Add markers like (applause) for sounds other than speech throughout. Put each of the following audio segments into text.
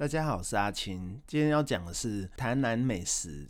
大家好，我是阿青，今天要講的是台南美食。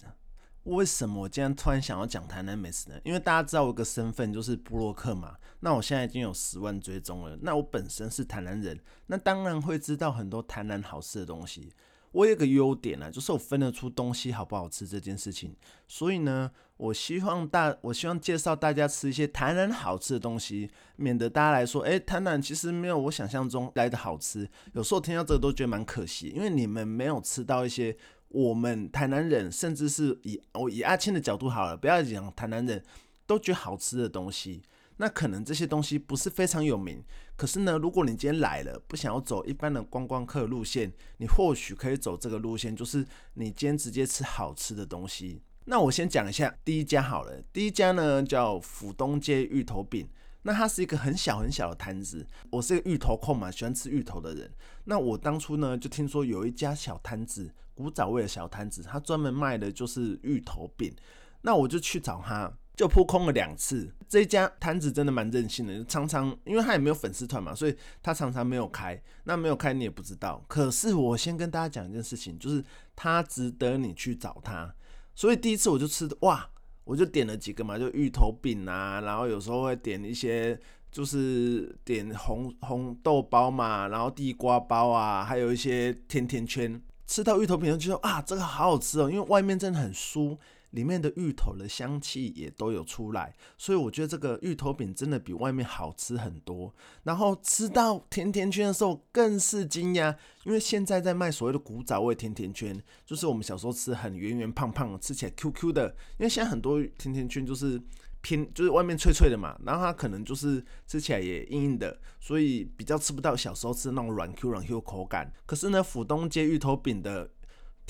為什麼我今天突然想要講台南美食呢？因為大家知道我有個身份就是部落客嘛，那我現在已經有十萬追蹤了。那我本身是台南人，那當然會知道很多台南好吃的東西。我有一個優點呢、啊，就是我分得出東西好不好吃這件事情。所以呢，我希望大，我希望介紹大家吃一些台南好吃的東西，免得大家來說，哎、欸，台南其實沒有我想象中來的好吃。有時候聽到這個都覺得蠻可惜，因為你們沒有吃到一些我們台南人，甚至是以我以阿青的角度好了，不要講台南人都覺得好吃的東西。那可能這些東西不是非常有名，可是呢，如果你今天來了，不想要走一般的觀光客路線，你或許可以走這個路線，就是你今天直接吃好吃的東西。那我先講一下第一家好了，第一家呢叫府東街芋頭餅，那它是一個很小很小的攤子。我是個芋頭控嘛，喜歡吃芋頭的人。那我當初呢就聽說有一家小攤子，古早味的小攤子，他專門賣的就是芋頭餅，那我就去找他。就撲空了兩次，這家攤子真的蠻任性的，常常因為他也沒有粉絲團嘛，所以他常常沒有開。那沒有開你也不知道。可是我先跟大家講一件事情，就是他值得你去找他。所以第一次我就吃，哇，我就點了幾個嘛，就芋頭餅啊，然後有時候會點一些，就是點紅紅豆包嘛，然後地瓜包啊，還有一些甜甜圈。吃到芋頭餅的時候就覺得啊，這個好好吃哦，喔，因為外面真的很酥。裡面的芋頭的香氣也都有出來，所以我覺得這個芋頭餅真的比外面好吃很多。然後吃到甜甜圈的時候更是驚訝，因為現在在賣所謂的古早味甜甜圈，就是我們小時候吃很圓圓胖胖，吃起來 QQ 的。因為現在很多甜甜圈就是偏就是外面脆脆的嘛，然後它可能就是吃起來也硬硬的，所以比較吃不到小時候吃那種軟 Q 軟 Q 口感。可是呢，府東街芋頭餅的。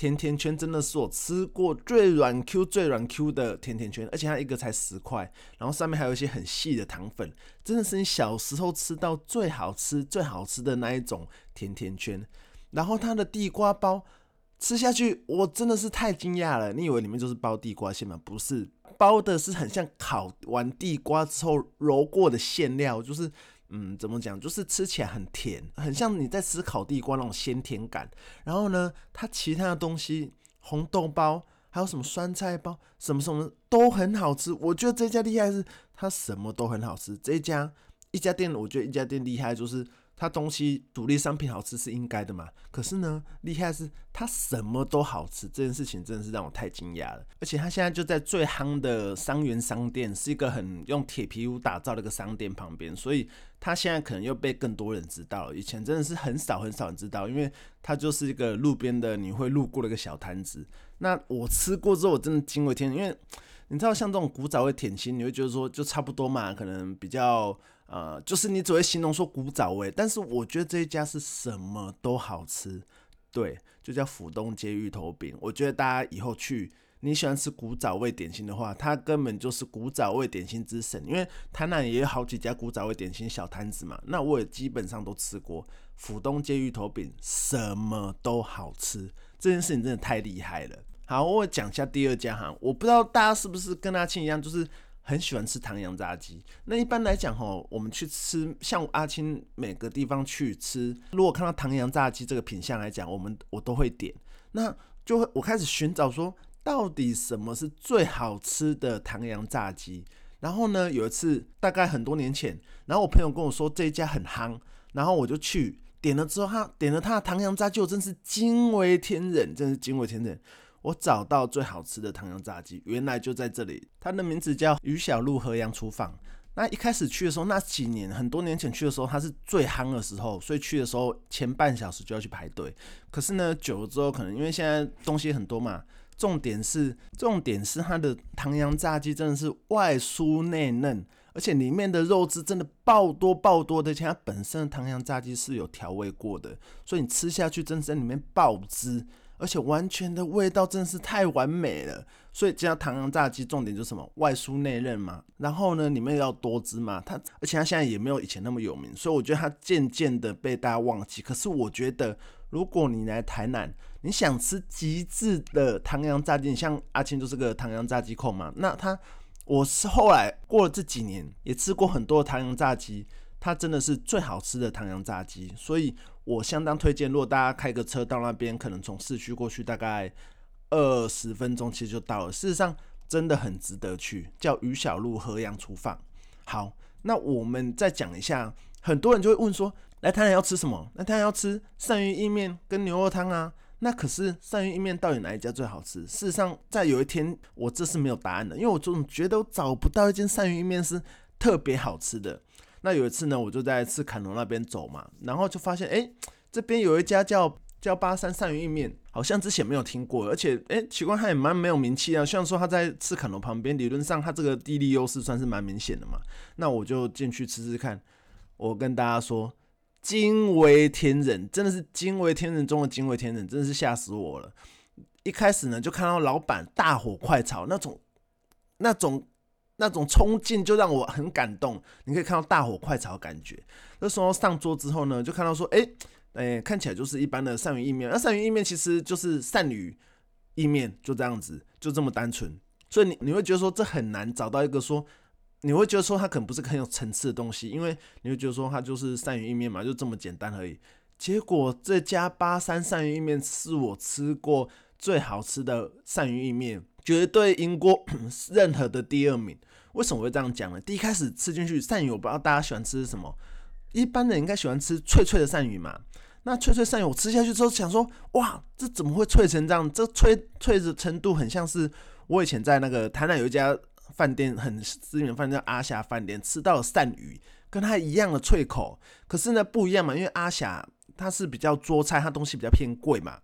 甜甜圈真的是我吃過最軟 Q、最軟 Q 的甜甜圈，而且它一個才十塊，然後上面還有一些很細的糖粉，真的是你小時候吃到最好吃、最好吃的那一種甜甜圈。然後它的地瓜包吃下去，我真的是太驚訝了。你以為裡面就是包地瓜餡嗎？不是，包的是很像烤完地瓜之後揉過的餡料，就是。嗯，怎麼講？就是吃起來很甜，很像你在吃烤地瓜那種鮮甜感。然後呢，它其他的東西，紅豆包，還有什麼酸菜包，什麼什麼都很好吃。我覺得這家厲害是它什麼都很好吃。這家一家店，我覺得一家店厲害就是。他東西獨立商品好吃是應該的嘛。可是呢，厲害的是他什麼都好吃，這件事情真的是讓我太驚訝了。而且他現在就在最夯的商園商店，是一個很用鐵皮屋打造的一個商店旁邊，所以他現在可能又被更多人知道。以前真的是很少很少人知道，因為他就是一個路邊的你會路過的一個小攤子。那我吃過之後，我真的驚為天人，因為你知道像這種古早味甜心，你會覺得說就差不多嘛，可能比較。呃，就是你只會形容說古早味，但是我覺得這一家是什麼都好吃，對，就叫府東街芋頭餅。我覺得大家以後去，你喜歡吃古早味點心的話，它根本就是古早味點心之神，因為它那裡也有好幾家古早味點心小攤子嘛。那我也基本上都吃過，府東街芋頭餅什麼都好吃，這件事情真的太厲害了。好，我講一下第二家哈，我不知道大家是不是跟阿青一樣，就是。很喜歡吃唐揚炸雞。那一般來講吼，我們去吃，像我阿青每個地方去吃，如果看到唐揚炸雞這個品項來講，我們我都會點。那就會我開始尋找說，到底什麼是最好吃的唐揚炸雞？然後呢，有一次大概很多年前，然後我朋友跟我說這一家很夯，然後我就去點了之後，他點了他的唐揚炸雞，真是驚為天人，真是驚為天人。我找到最好吃的唐揚炸雞，原來就在這裡。它的名字叫魚小路和洋廚房。那一開始去的時候，那幾年很多年前去的時候，它是最夯的時候，所以去的時候前半小時就要去排隊。可是呢，久了之後，可能因為現在東西很多嘛。重點是，重點是它的唐揚炸雞真的是外酥內嫩，而且裡面的肉汁真的爆多爆多的。而且它本身的唐揚炸雞是有調味過的，所以你吃下去真的是在裡面爆汁。而且完全的味道真的是太完美了，所以這家唐揚炸雞重點就是什麼？外酥內嫩嘛。然後呢，裡面要多汁嘛。它而且它現在也沒有以前那麼有名，所以我覺得它漸漸的被大家忘記。可是我覺得，如果你來台南，你想吃極致的唐揚炸雞，像阿青就是個唐揚炸雞控嘛。那他，我是後來過了這幾年，也吃過很多的唐揚炸雞。它真的是最好吃的唐揚炸雞，所以我相當推薦。如果大家開個車到那邊，可能從市區過去大概二十分鐘，其實就到了。事實上，真的很值得去。叫於小路和洋廚房。好，那我們再講一下，很多人就會問說：來台南要吃什麼？那台南要吃鱔魚意麵跟牛肉湯啊？那可是鱔魚意麵到底哪一家最好吃？事實上，在有一天我這是沒有答案的，因為我總覺得我找不到一間鱔魚意麵是特別好吃的。那有一次呢，我就在赤坎樓那邊走嘛，然後就發現，哎、欸，這邊有一家叫叫八三鱔魚意麵，好像之前沒有聽過，而且，哎、欸，奇怪，他也蠻沒有名氣啊。雖然說他在赤坎樓旁邊，理論上他這個地理優勢算是蠻明顯的嘛。那我就進去吃吃看。我跟大家說，驚為天人，真的是驚為天人中的驚為天人，真的是嚇死我了。一開始呢，就看到老板大火快炒那種，那種。那種衝勁就讓我很感動。你可以看到大火快炒的感覺。那時候上桌之後呢，就看到說，哎、欸，哎、欸，看起來就是一般的鱔魚意麵。那鱔魚意麵其實就是鱔魚意麵，就這樣子，就這麼單純。所以你你會覺得說，這很難找到一個說，你會覺得說，它可能不是很有層次的東西，因為你會覺得說，它就是鱔魚意麵嘛，就這麼簡單而已。結果這家八三鱔魚意麵是我吃過最好吃的鱔魚意麵，絕對贏過 (coughs) 任何的第二名。為什麼會這樣講呢？第一開始吃進去鱔魚，我不知道大家喜歡吃什麼。一般人應該喜歡吃脆脆的鱔魚嘛。那脆脆鱔魚我吃下去之後，想說，哇，這怎麼會脆成這樣？這脆脆的程度很像是我以前在那個台南有一家飯店，很知名飯店叫阿霞飯店，吃到了鱔魚，跟它一樣的脆口。可是呢，不一樣嘛，因為阿霞它是比較桌菜，它東西比較偏貴嘛。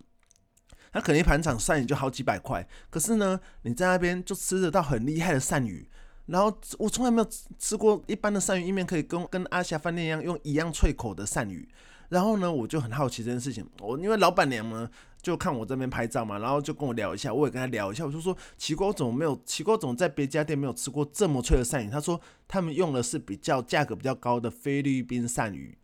它肯定一盤炒鱔魚就好幾百塊。可是呢，你在那邊就吃得到很厲害的鱔魚。然後我從來沒有吃過一般的鱔魚意面，可以跟跟阿霞飯店一樣用一樣脆口的鱔魚。然後呢，我就很好奇這件事情。我、哦、因為老闆娘呢就看我這邊拍照嘛，然後就跟我聊一下，我也跟他聊一下，我就說奇怪，怎麼沒有奇怪，總在別家店沒有吃過這麼脆的鱔魚。他說他們用的是比較價格比較高的菲律賓鱔魚，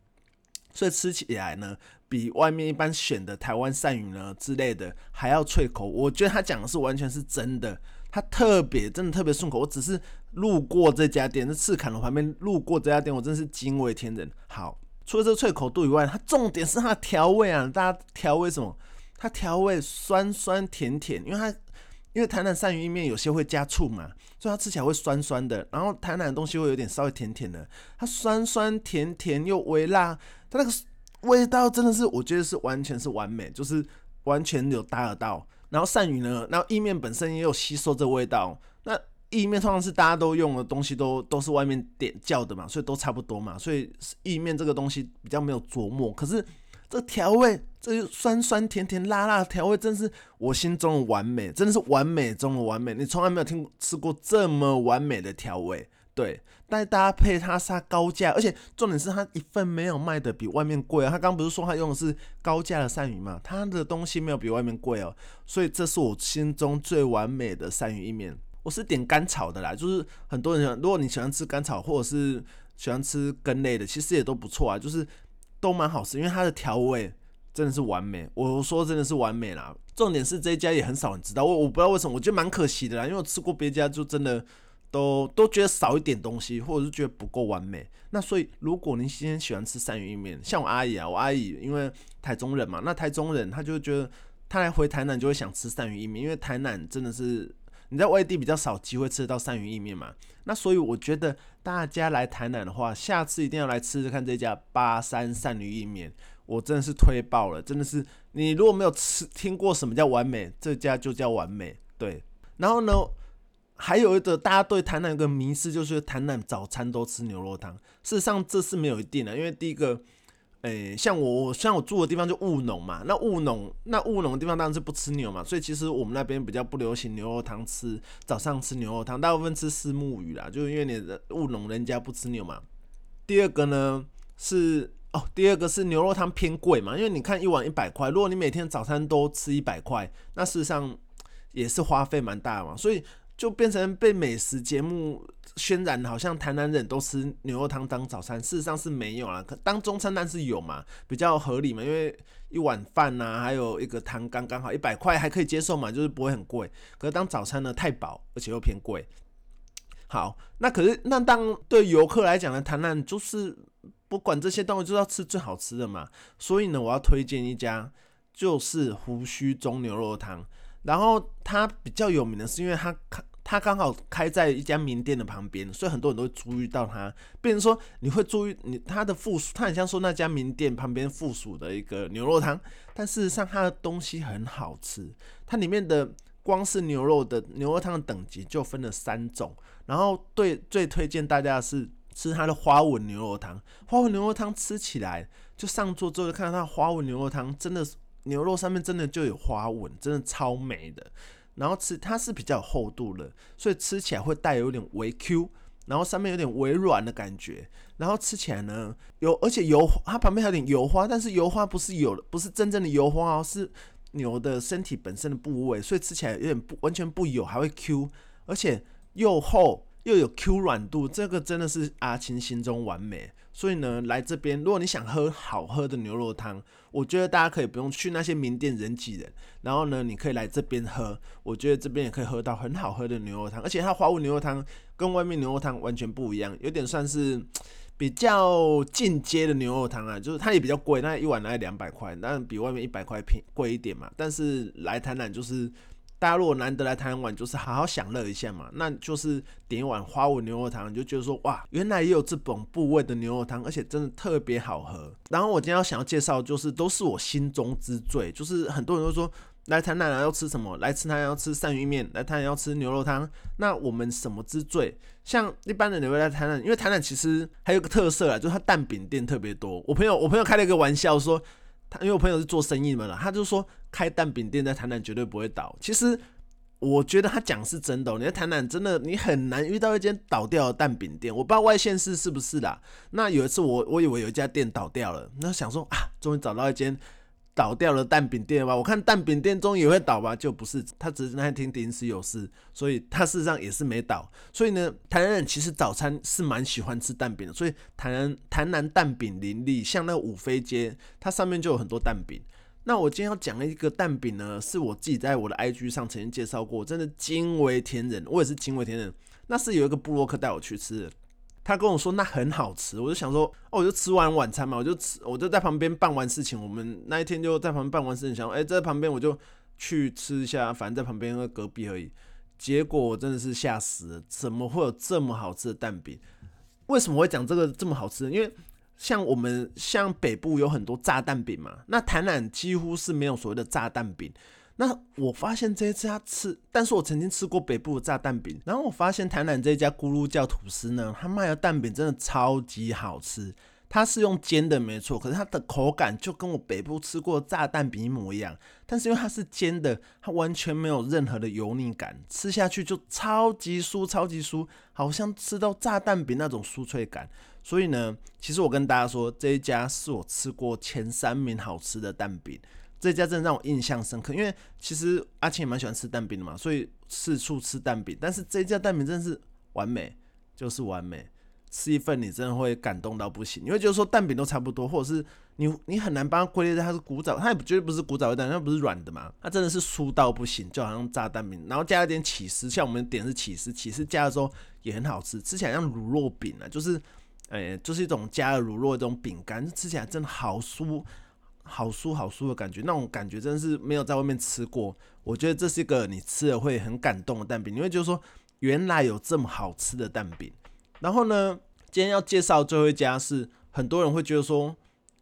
所以吃起來呢比外面一般選的台灣鱔魚呢之類的還要脆口。我覺得他講的是完全是真的。它特別真的特別順口，我只是路過這家店，在赤崁樓旁邊路過這家店，我真的是驚為天人。好，除了這個脆口度以外，它重點是它調味啊。大家調味什麼？它調味酸酸甜甜，因為它因為台南鱔魚麵有些會加醋嘛，所以它吃起來會酸酸的。然後台南的東西會有點稍微甜甜的，它酸酸甜甜又微辣，它那個味道真的是我覺得是完全是完美，就是完全有搭得到。然後鱔魚呢？然後意面本身也有吸收這味道。那意面通常是大家都用的東西都，都都是外面點叫的嘛，所以都差不多嘛。所以意面這個東西比較沒有琢磨。可是這調味，這酸酸甜甜辣辣的調味，真是我心中的完美，真的是完美中的完美。你從來沒有聽過吃過這麼完美的調味。對，但搭配它是它高價，而且重點是它一份沒有賣的比外面貴啊。他剛不是說他用的是高價的鱔魚嘛？他的東西沒有比外面貴哦、喔，所以這是我心中最完美的鱔魚意麵。我是點乾炒的啦，就是很多人如果你喜歡吃乾炒或者是喜歡吃羹類的，其實也都不錯啊，就是都蠻好吃，因為它的調味真的是完美。我說真的是完美啦，重點是這一家也很少人知道，我我不知道為什麼，我覺得蠻可惜的啦，因為我吃過別家就真的。都都覺得少一點東西，或者是覺得不夠完美。那所以，如果你今天喜歡吃鱔魚意面，像我阿姨啊，我阿姨因為台中人嘛，那台中人他就覺得他來回台南就會想吃鱔魚意面，因為台南真的是你在外地比較少機會吃得到鱔魚意面嘛。那所以我覺得大家來台南的話，下次一定要來吃吃看這家八三鱔魚意面，我真的是推爆了，真的是你如果沒有吃聽過什麼叫完美，這家就叫完美。對，然後呢？還有一個大家對台南一個迷思，就是台南早餐都吃牛肉湯，事實上這是沒有一定的。因為第一個，誒、欸，像我像我住的地方就務農嘛，那務農那務農的地方當然是不吃牛嘛，所以其實我們那邊比較不流行牛肉湯吃，早上吃牛肉湯，大部分吃虱目魚啦，就因為你務農人家不吃牛嘛。第二個呢是哦，第二個是牛肉湯偏貴嘛，因為你看一碗一百塊，如果你每天早餐都吃一百塊，那事實上也是花費蠻大的嘛，所以。就變成被美食節目渲染，好像台南人都吃牛肉湯當早餐，事實上是沒有啊，可當中餐但是有嘛，比較合理嘛，因為一碗飯吶、啊，還有一個湯剛剛好，一百塊還可以接受嘛，就是不會很貴。可是當早餐呢，太飽而且又偏貴。好，那可是那當對遊客來講呢，台南就是不管這些東西，就是要吃最好吃的嘛。所以呢，我要推薦一家，就是鬍鬚中牛肉湯。然後它比較有名的是，因為它它剛好開在一家名店的旁邊，所以很多人都會注意到它。比如說你會注意你它的附屬，他很像說那家名店旁邊附屬的一個牛肉湯，但事實上它的東西很好吃。它裡面的光是牛肉的牛肉湯的等級就分了三種，然後對，最推薦大家是吃它的花紋牛肉湯。花紋牛肉湯吃起來就上桌之後就看到它花紋牛肉湯，真的是。牛肉上面真的就有花紋，真的超美的。然後吃它是比較有厚度的，所以吃起來會帶有點微 Q，然後上面有點微軟的感覺。然後吃起來呢，有而且油它旁邊還有點油花，但是油花不是有，不是真正的油花哦，是牛的身體本身的部位，所以吃起來有點不完全不油，還會 Q，而且又厚又有 Q 軟度，這個真的是阿青心中完美。所以呢，來這邊，如果你想喝好喝的牛肉湯，我覺得大家可以不用去那些名店人擠人，然後呢，你可以來這邊喝，我覺得這邊也可以喝到很好喝的牛肉湯，而且它華屋牛肉湯跟外面牛肉湯完全不一樣，有點算是比較進階的牛肉湯啊，就是它也比較貴，那一碗大概兩百塊，那比外面一百塊便貴一點嘛，但是來台南就是。大家如果難得來台灣玩，就是好好享樂一下嘛，那就是點一碗花尾牛肉湯，你就覺得說，哇，原來也有這種部位的牛肉湯，而且真的特別好喝。然後我今天要想要介紹的，就是都是我心中之最，就是很多人都說來台南要吃什麼，來吃台南要吃鱔魚麵，來台南要吃牛肉湯。那我們什麼之最？像一般的你會來台南，因為台南其實還有一個特色啊，就是它蛋餅店特別多。我朋友我朋友開了一個玩笑說。他因為我朋友是做生意的嘛。他就說，開蛋餅店在台南絕對不會倒。其實我覺得他講是真的，你在台南真的你很難遇到一間倒掉的蛋餅店。我不知道外縣市是不是啦。那有一次我我以為有一家店倒掉了，那想說啊，終於找到一間。倒掉了蛋餅店吧？我看蛋餅店中也會倒吧，就不是，他只是那天臨時有事，所以他事實上也是沒倒。所以呢，台南人其實早餐是蠻喜歡吃蛋餅的，所以台南台南蛋餅林立，像那五飛街，它上面就有很多蛋餅。那我今天要講的一個蛋餅呢，是我自己在我的 IG 上曾經介紹過，真的驚為天人，我也是驚為天人。那是有一個部落客帶我去吃的。他跟我說那很好吃，我就想說，哦，我就吃完晚餐嘛，我就吃，我就在旁邊辦完事情，我們那一天就在旁邊辦完事情，想，哎、欸，在旁邊我就去吃一下，反正在旁邊，隔壁而已。結果我真的是嚇死了，怎麼會有這麼好吃的蛋餅？為什麼會講這個這麼好吃？因為像我們像北部有很多炸蛋餅嘛，那台南幾乎是沒有所謂的炸蛋餅。那我發現這一家吃，但是我曾經吃過北部的炸蛋餅，然後我發現台南這一家咕嚕叫吐司呢，他賣的蛋餅真的超級好吃，它是用煎的沒錯，可是它的口感就跟我北部吃過炸蛋餅一模一樣，但是因為它是煎的，它完全沒有任何的油膩感，吃下去就超級酥，超級酥，好像吃到炸蛋餅那種酥脆感，所以呢，其實我跟大家說，這一家是我吃過前三名好吃的蛋餅。這家真的讓我印象深刻，因為其實阿青也蠻喜歡吃蛋餅的嘛，所以四處吃蛋餅，但是這家蛋餅真的是完美，就是完美。吃一份你真的會感動到不行，你會覺得說蛋餅都差不多，或者是你你很難把它歸類在它是古早，它也絕對不是古早味蛋，它不是軟的嘛，它真的是酥到不行，就好像炸蛋餅，然後加一點起司，像我們點的是起司，起司加的時候也很好吃，吃起來像乳酪餅啊，就是，呃、欸，就是一種加了乳酪的這種餅乾，吃起來真的好酥。好酥好酥的感覺，那種感覺真的是沒有在外面吃過。我覺得這是一個你吃了會很感動的蛋餅，你會覺得說原來有這麼好吃的蛋餅。然後呢，今天要介紹最後一家是很多人會覺得說，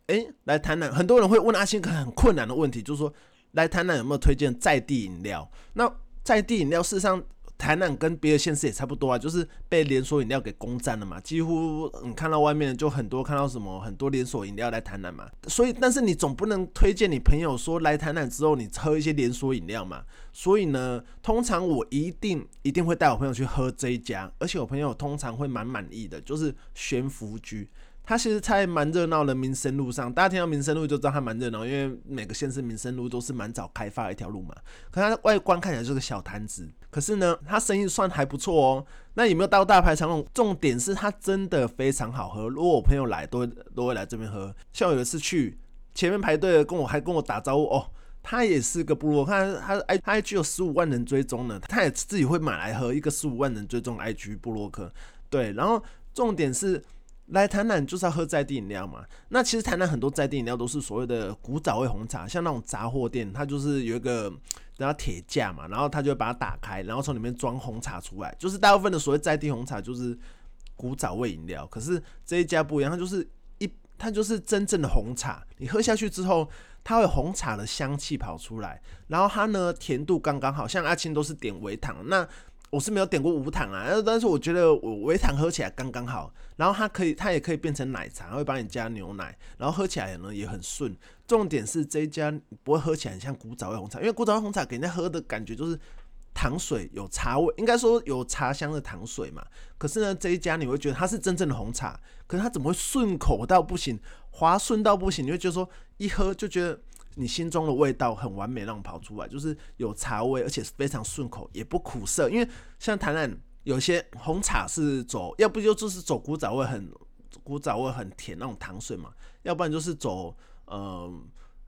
誒、欸，來台南，很多人會問阿青哥很困難的問題，就是說來台南有沒有推薦在地飲料？那在地飲料事實上。台南跟別的縣市也差不多啊，就是被連鎖飲料給攻佔了嘛。幾乎你看到外面就很多看到什麼很多連鎖飲料來台南嘛。所以，但是你總不能推薦你朋友說來台南之後你喝一些連鎖飲料嘛。所以呢，通常我一定一定會帶我朋友去喝這一家，而且我朋友通常會蠻滿意的，就是懸浮居。它其實在蠻熱鬧的民生路上，大家聽到民生路就知道它蠻熱鬧，因為每個縣市民生路都是蠻早開發的一條路嘛。可它外觀看起來就是個小攤子，可是呢，它生意算還不錯哦。那有沒有到大排長龍？重點是它真的非常好喝，如果我朋友來都會都會來這邊喝。像有一次去前面排隊的，跟我還跟我打招呼哦，他也是個部落，看他 IG 他只有十五萬人追蹤呢，他也自己會買來喝，一個十五萬人追蹤 IG 部落客。對，然後重點是。來台南就是要喝在地飲料嘛，那其實台南很多在地飲料都是所謂的古早味紅茶，像那種雜貨店，它就是有一個那鐵架嘛，然後它就會把它打開，然後從裡面裝紅茶出來，就是大部分的所謂在地紅茶就是古早味飲料，可是這一家不一樣，它就是一，它就是真正的紅茶，你喝下去之後，它會紅茶的香氣跑出來，然後它呢，甜度剛剛好，像阿青都是點微糖那。我是沒有點過無糖啊，但是我覺得我微糖喝起來剛剛好，然後它可以，它也可以變成奶茶，會幫你加牛奶，然後喝起來呢也很順。重點是這一家不會喝起來很像古早味紅茶，因為古早味紅茶給人家喝的感覺就是糖水有茶味，應該說有茶香的糖水嘛。可是呢，這一家你會覺得它是真正的紅茶，可是它怎麼會順口到不行，滑順到不行？你會覺得說一喝就覺得。你心中的味道很完美，那種跑出來就是有茶味，而且是非常順口，也不苦澀。因為像台南有些紅茶是走，要不就是是走古早味很古早味很甜那種糖水嘛，要不然就是走嗯、呃、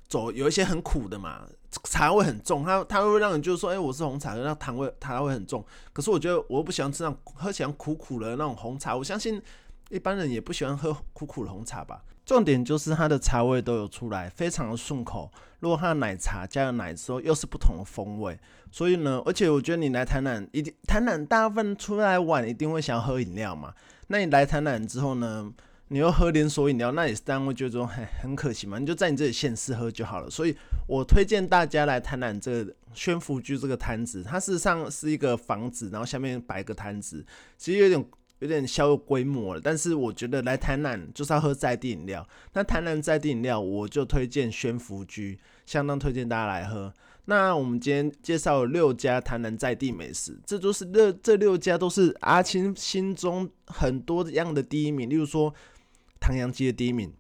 走有一些很苦的嘛，茶味很重，它它會讓人就是說，哎、欸，我是紅茶，那糖味糖味很重。可是我覺得我又不喜歡吃那種喝起來苦苦的那種紅茶，我相信一般人也不喜歡喝苦苦的紅茶吧。重點就是它的茶味都有出來，非常的順口。如果它的奶茶加了奶之後，又是不同的風味。所以呢，而且我覺得你來台南一定，台南大部分出來玩一定會想要喝飲料嘛。那你來台南之後呢，你又喝連鎖飲料，那也是單位就說很很可惜嘛，你就在你這裡現時喝就好了。所以我推薦大家來台南這個宣福居這個攤子，它事實上是一個房子，然後下面擺個攤子，其實有點。有點小有規模了，但是我覺得來台南就是要喝在地飲料。那台南在地飲料，我就推薦宣福居，相當推薦大家來喝。那我們今天介紹有六家台南在地美食，這都是這這六家都是阿青心中很多樣的第一名，例如說唐揚雞的第一名，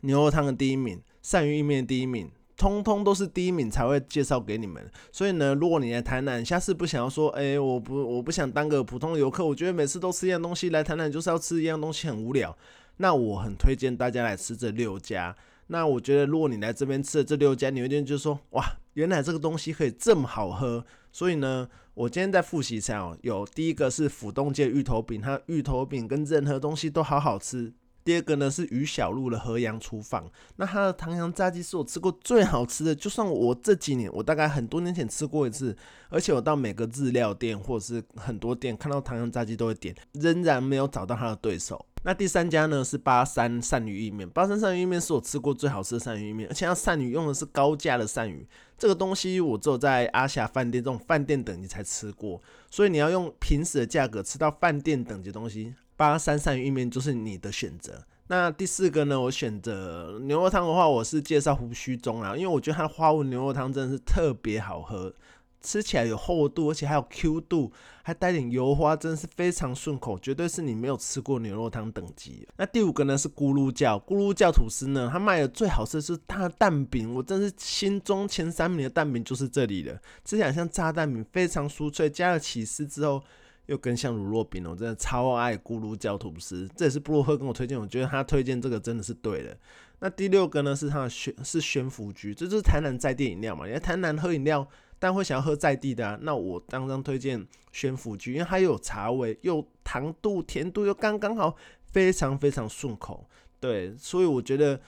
牛肉湯的第一名，鱔魚意麵的第一名。通通都是第一名才會介紹給你們，所以呢，如果你來台南，下次不想要說，哎、欸，我不，我不想當個普通遊客，我覺得每次都吃一樣東西來台南，就是要吃一樣東西很無聊。那我很推薦大家來吃這六家。那我覺得如果你來這邊吃的這六家，你一定就說，哇，原來這個東西可以這麼好喝。所以呢，我今天在複習一下哦，有第一個是府東街芋頭餅，它芋頭餅跟任何東西都好好吃。第二個呢是魚小璐的和洋廚房，那他的唐揚炸雞是我吃過最好吃的，就算我這幾年，我大概很多年前吃過一次，而且我到每個日料店或者是很多店看到唐揚炸雞都會點，仍然沒有找到他的對手。那第三家呢是八三鱔魚意面，八三鱔魚意麵是我吃過最好吃的鱔魚意面，而且他鱔魚用的是高價的鱔魚，這個東西我只有在阿霞飯店這種飯店等級才吃過，所以你要用平時的價格吃到飯店等級東西。八三三意麵就是你的選擇。那第四個呢？我選擇牛肉湯的話，我是介紹胡鬚中啊，因為我覺得它花紋牛肉湯真的是特別好喝，吃起來有厚度，而且還有 Q 度，還帶點油花，真的是非常順口，絕對是你沒有吃過牛肉湯等級。那第五個呢是咕嚕叫。咕嚕叫吐司呢，它賣的最好吃的是它的蛋餅，我真是心中前三名的蛋餅就是這裡了，吃起來像炸蛋餅非常酥脆，加了起司之後。又跟像乳酪餅哦，我真的超愛咕嚕焦吐司，這也是布魯赫跟我推薦，我覺得他推薦這個真的是對的。那第六個呢是他的宣是懸浮菊，這就是台南在地飲料嘛，因為台南喝飲料，但會想要喝在地的啊。那我當然推薦懸浮菊，因為它有茶味，又糖度甜度又剛剛好，非常非常順口，對，所以我覺得。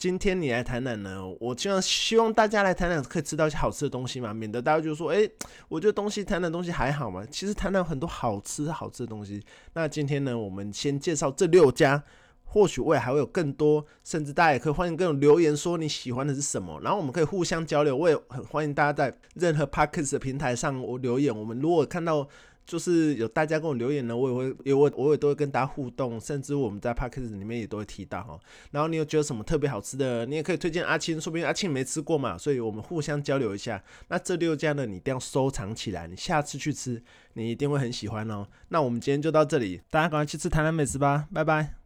今天你來台南呢，我希望希望大家來台南，可以吃到一些好吃的東西嘛，免得大家就說，哎、欸，我覺得東西台南的東西還好嘛。其實台南有很多好吃好吃的東西。那今天呢，我們先介紹這六家，或許我也還會有更多，甚至大家也可以歡迎跟我留言，說你喜歡的是什麼，然後我們可以互相交流。我也很歡迎大家在任何 Podcast 的平台上我留言，我們如果看到。就是有大家跟我留言呢，我也會有我也，我也都會跟大家互動，甚至我們在 Podcast 裡面也都會提到哈。然後你有覺得什麼特別好吃的，你也可以推薦阿青，說不定阿青沒吃過嘛，所以我們互相交流一下。那這六家呢，你一定要收藏起來，你下次去吃，你一定會很喜歡哦。那我們今天就到這裡，大家趕快去吃台南美食吧，拜拜。